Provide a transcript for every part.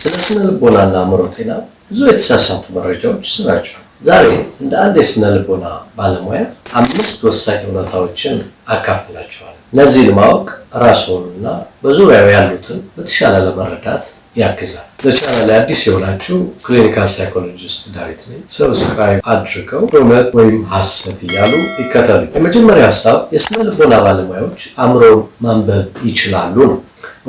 ስለ ስነ ልቦናና አእምሮ ጤና ብዙ የተሳሳቱ መረጃዎች ይሰራጫሉ። ዛሬ እንደ አንድ የስነ ልቦና ባለሙያ አምስት ወሳኝ እውነታዎችን አካፍላቸዋል። እነዚህን ማወቅ ራስዎንና በዙሪያው ያሉትን በተሻለ ለመረዳት ያግዛል። ለቻናል አዲስ የሆናችሁ ክሊኒካል ሳይኮሎጂስት ዳዊት ነኝ። ሰብስክራይብ አድርገው እውነት ወይም ሐሰት እያሉ ይከተሉ። የመጀመሪያ ሀሳብ የስነ ልቦና ባለሙያዎች አእምሮን ማንበብ ይችላሉ ነው።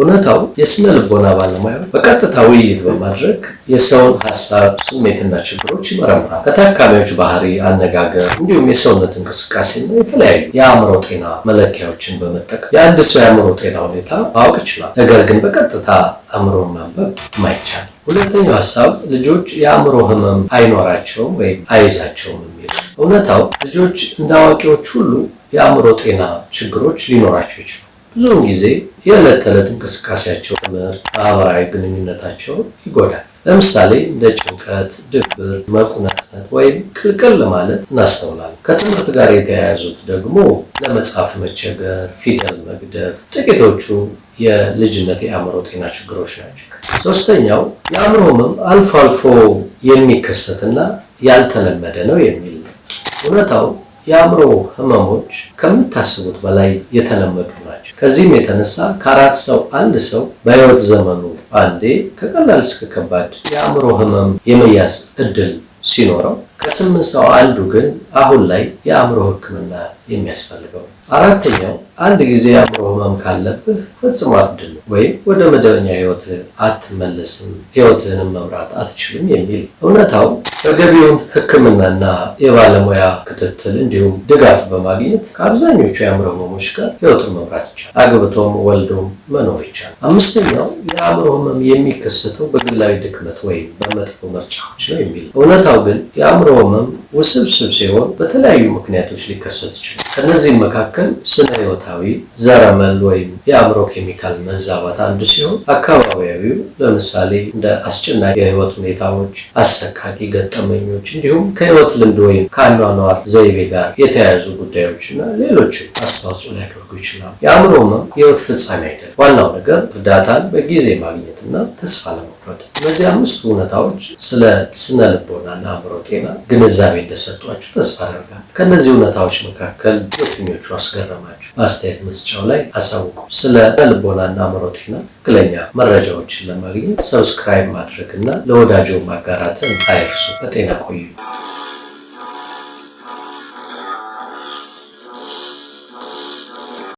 እውነታው የስነ ልቦና ባለሙያዎች በቀጥታ ውይይት በማድረግ የሰውን ሀሳብ፣ ስሜትና ችግሮች ይመረምራል። ከታካሚዎች ባህሪ፣ አነጋገር እንዲሁም የሰውነት እንቅስቃሴና የተለያዩ የአእምሮ ጤና መለኪያዎችን በመጠቀም የአንድ ሰው የአእምሮ ጤና ሁኔታ ማወቅ ይችላል። ነገር ግን በቀጥታ አእምሮ ማንበብ ማይቻል። ሁለተኛው ሀሳብ ልጆች የአእምሮ ህመም አይኖራቸውም ወይም አይዛቸውም የሚል እውነታው ልጆች እንደ አዋቂዎች ሁሉ የአእምሮ ጤና ችግሮች ሊኖራቸው ይችላል። ብዙውን ጊዜ የዕለት ተዕለት እንቅስቃሴያቸው፣ ትምህርት፣ ማህበራዊ ግንኙነታቸውን ይጎዳል። ለምሳሌ እንደ ጭንቀት፣ ድብር፣ መቁነጥነጥ ወይም ቅልቅል ማለት እናስተውላለን። ከትምህርት ጋር የተያያዙት ደግሞ ለመጻፍ መቸገር፣ ፊደል መግደፍ ጥቂቶቹ የልጅነት የአእምሮ ጤና ችግሮች ናቸው። ሶስተኛው የአእምሮ ህመም አልፎ አልፎ የሚከሰትና ያልተለመደ ነው የሚል ነው። እውነታው የአእምሮ ህመሞች ከምታስቡት በላይ የተለመዱ ናቸው። ከዚህም የተነሳ ከአራት ሰው አንድ ሰው በህይወት ዘመኑ አንዴ ከቀላል እስከ ከባድ የአእምሮ ህመም የመያዝ እድል ሲኖረው ከስምንት ሰው አንዱ ግን አሁን ላይ የአእምሮ ህክምና የሚያስፈልገው። አራተኛው አንድ ጊዜ የአእምሮ ህመም ካለብህ ፈጽሞ አትድን። ወይም ወደ መደበኛ ህይወት አትመለስም፣ ህይወትህንም መምራት አትችልም የሚል እውነታው ተገቢውን ህክምናና የባለሙያ ክትትል እንዲሁም ድጋፍ በማግኘት ከአብዛኞቹ የአእምሮ ህመሞች ጋር ህይወቱን መምራት ይቻላል። አግብቶም ወልዶም መኖር ይቻላል። አምስተኛው የአእምሮ ህመም የሚከሰተው በግላዊ ድክመት ወይም በመጥፎ ምርጫዎች ነው የሚል እውነታው ግን የአእምሮ ህመም ውስብስብ ሲሆን በተለያዩ ምክንያቶች ሊከሰት ይችላል። ከነዚህም መካከል ስነ ህይወታዊ፣ ዘረመል ወይም የአእምሮ ኬሚካል መዛ ሀሳባት አንዱ ሲሆን አካባቢያዊው ለምሳሌ እንደ አስጨናቂ የህይወት ሁኔታዎች፣ አሰቃቂ ገጠመኞች እንዲሁም ከህይወት ልምድ ወይም ከአኗኗር ዘይቤ ጋር የተያያዙ ጉዳዮች እና ሌሎችም አስተዋጽኦ ሊያደርጉ ይችላሉ። የአእምሮ ህመም የህይወት ፍጻሜ አይደለም። ዋናው ነገር እርዳታን በጊዜ ማግኘትና ተስፋ ለመቁረጥ። እነዚህ አምስቱ እውነታዎች ስለ ስነ ልቦናና አእምሮ ጤና ግንዛቤ እንደሰጧችሁ ተስፋ አደርጋለሁ። ከእነዚህ እውነታዎች መካከል የትኞቹ አስገረማችሁ? አስተያየት መስጫው ላይ አሳውቁ። ስለ ልቦናና አእምሮ ሮቲና ትክክለኛ መረጃዎችን ለማግኘት ሰብስክራይብ ማድረግ እና ለወዳጆ ማጋራትን አይርሱ። በጤና ቆዩ።